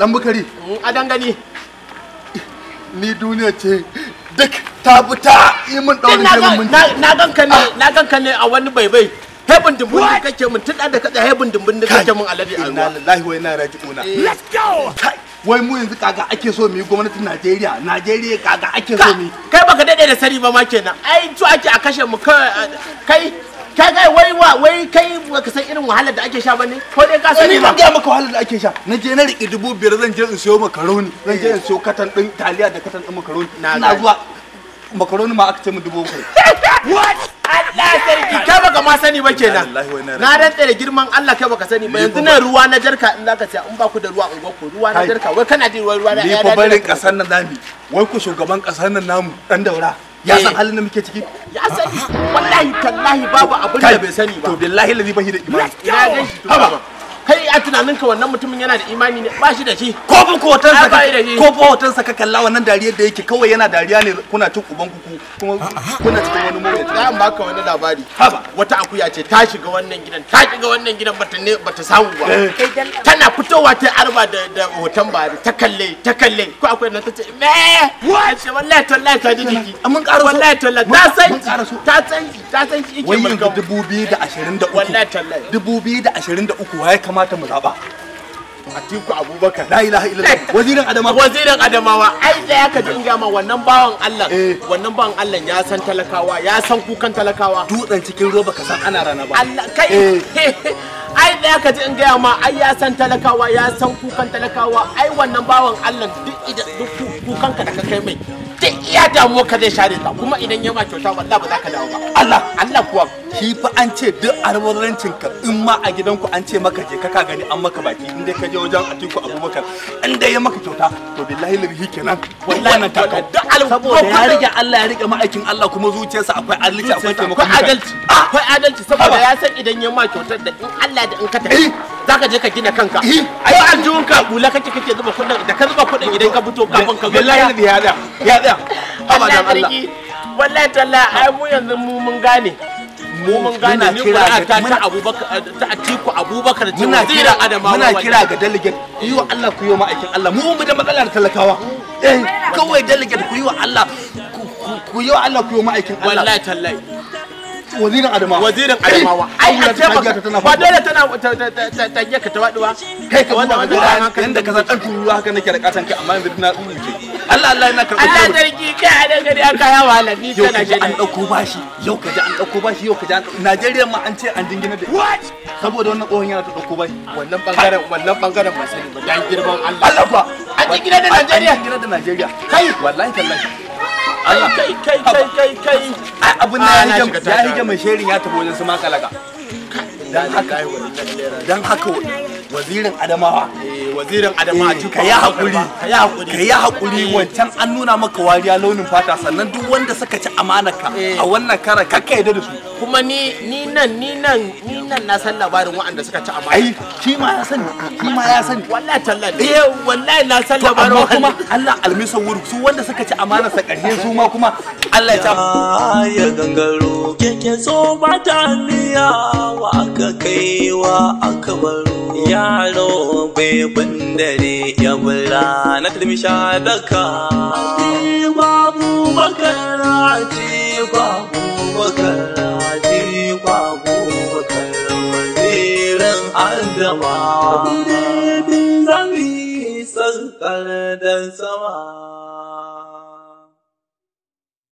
dan bukari mm, a dangane ni duniya ce duk ta buta yi min daurin shirin mun na ganka ne na ganka ne a wani baibai hebin dimbin da kake mun tun da kada hebin dimbin da kake mun alade a ruwa lallahi wai na raji'una eh. let's go wai mu yanzu kaga ake so mu yi gwamnatin Najeriya Najeriya kaga ake so mu kai baka dade da sari ba ma kenan ai to ake a kashe mu kai ka kai wai wa wai kai baka san irin wahalar da ake sha bane ko dai ka sani eh, ba ni ga maka wahalar da ake sha na je na riki dubu biyar zan je in siyo makaroni zan je in siyo katan din taliya da katan din makaroni na zuwa makaroni ma aka ce min dubu uku what Allah sarki kai baka ma sani ba kenan na rantsa da girman Allah kai baka sani ba yanzu nan ruwa na jarka in zaka ce in ba ku da ruwa in ku ruwa na jarka wai kana jin ruwa na ya da ni ko barin kasar nan nami wai ku shugaban kasar nan namu dan daura ya eh. san halin da muke ciki ya sani wallahi tallahi babu abin da bai sani ba to billahi lazi bahi da imani ya ga shi to haba kai a tunanin ka wannan mutumin yana da imani ne ba shi da shi ko ko hoton sa ko ba hoton sa ka kalla wannan dariyar da yake kawai yana dariya ne kuna cin uban kuku kuma kuna cikin wani mawuyi ta an baka wani labari haba wata akuya ce ta shiga wannan gidan ta shiga wannan gidan bata ne bata samu ba eh. tana fitowa ta arba da da hoton ba ta kalle ta kalle ko akwai nan tace me wace wallahi tallahi ta ji jiki mun karo wallahi tallahi ta san ta san ta san yake mulkan ga 2023 wallahi tallahi 2023 waye kamata mu zaba Atiku Abubakar la ilaha illallah eh. wazirin Adamawa wazirin Adamawa ai da ya kaji in wannan bawan Allah eh. wannan bawan Allah ya san talakawa ya san kukan talakawa dutsen cikin roba ka san ana rana ba Allah kai eh. ai da ma ai ya san talakawa ya san kukan talakawa ai wannan bawan Allah duk duk kukan ka da ka kai mai damuwa ka zai share ta kuma idan ya ma kyauta wallahi ba za ka dawo ba Allah Allah kuwa shi fa an ce duk arwarancin ka in ma a gidanku an ce maka je ka ka gani an maka baki in dai ka je wajen Atiku Abubakar in dai ya maka kyauta to billahi lahi kenan wallahi nan ta duk saboda ya rike Allah ya rike ma'aikin Allah kuma zuciyarsa akwai adalci akwai taimako akwai adalci ah! akwai adalci saboda ya san idan ya ma kyautar da in Allah da in ka tafi eh! za ka je ka gina kanka eh. ai aljihun ka bula kake kake zuba kudin da ka zuba kudin idan ka fito kafin ka zo wallahi ya da ya da abadan Allah wallahi talla ai mu yanzu mu mun gane mu mun gane ni kira ta ta Abubakar eh, ta Atiku Abubakar ta kira adama muna kira ga delegate yi wa Allah ku yi wa ma'aikin Allah mu mu da matsalar talakawa eh kawai delegate ku yi wa Allah ku yi wa Allah ku yi wa ma'aikin Allah wallahi tallahi wazirin adamawa wazirin adamawa ai a ce ba dole tana tage ka ta waduwa kai ka wannan wannan yanda ka san dan turuwa haka nake da katan kai amma yanzu na tsuri ce Allah Allah yana karɓar Allah sarki kai a dangare aka yawa lafi tana shi an dauko bashi yau kaji an dauko bashi yau kaji an Najeriya ma an ce an dingina da saboda wannan tsohon yana ta dauko bashi wannan bangaren wannan bangaren ba sani ba dan girman Allah Allah ba an dingina da Najeriya an dingina da Najeriya kai wallahi tallahi kai kai kai kai kai kai abin nan ya hige mai sherin ya tafi wajen su makalaka dan haka dan haka wazirin adamawa wazirin adama eh, a ka yi haƙuri ka yi haƙuri eh. wancan an nuna maka wariya launin fata sannan duk wanda suka ci amanaka eh. a wannan kara kakka yadda da su kuma ni ni nan ni nan ni nan na san labarin waɗanda suka ci amanaka ai shi ma ya sani shi ma ya sani wallahi tallahi eh wallahi na san labarin amma kuma Allah almisa wuri su wanda suka ci amana sa ƙarshe su ma kuma Allah ya ta ya gangaro keke so ba ta miya wa aka kaiwa aka baro yaro bebin dare ya bula na turmisha daka babu bakarati babu bakarati babu bakarati wazirin adama zami sarkar da sama